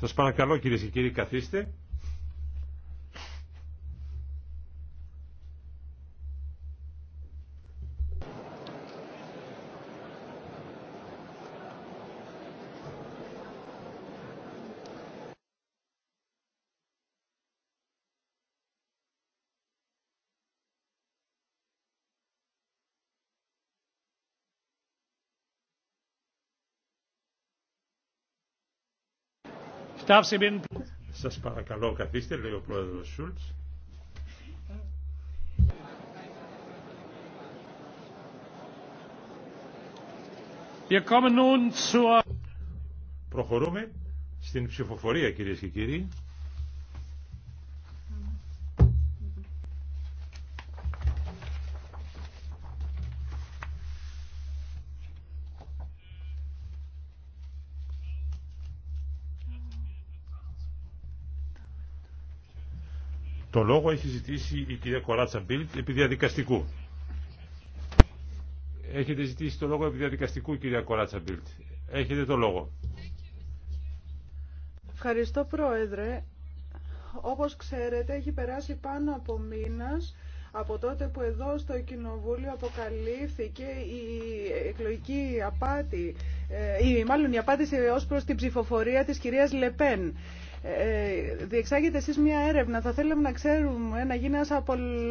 Σας παρακαλώ κυρίες και κύριοι καθίστε. Σας παρακαλώ καθίστε, λέει ο πρόεδρος Σούλτς. Προχωρούμε στην ψηφοφορία κυρίες και κύριοι. Το λόγο έχει ζητήσει η κυρία Κοράτσα Μπίλτ επί διαδικαστικού. Έχετε ζητήσει το λόγο επί διαδικαστικού, κυρία Κοράτσα Μπίλτ. Έχετε το λόγο. Ευχαριστώ, Πρόεδρε. Όπως ξέρετε, έχει περάσει πάνω από μήνας από τότε που εδώ στο Κοινοβούλιο αποκαλύφθηκε η εκλογική απάτη, ή ε, μάλλον η απάντηση ως προς την ψηφοφορία της κυρίας Λεπέν. Ε, ε, διεξάγετε εσείς μια έρευνα. Θα θέλαμε να ξέρουμε, να γίνει ένας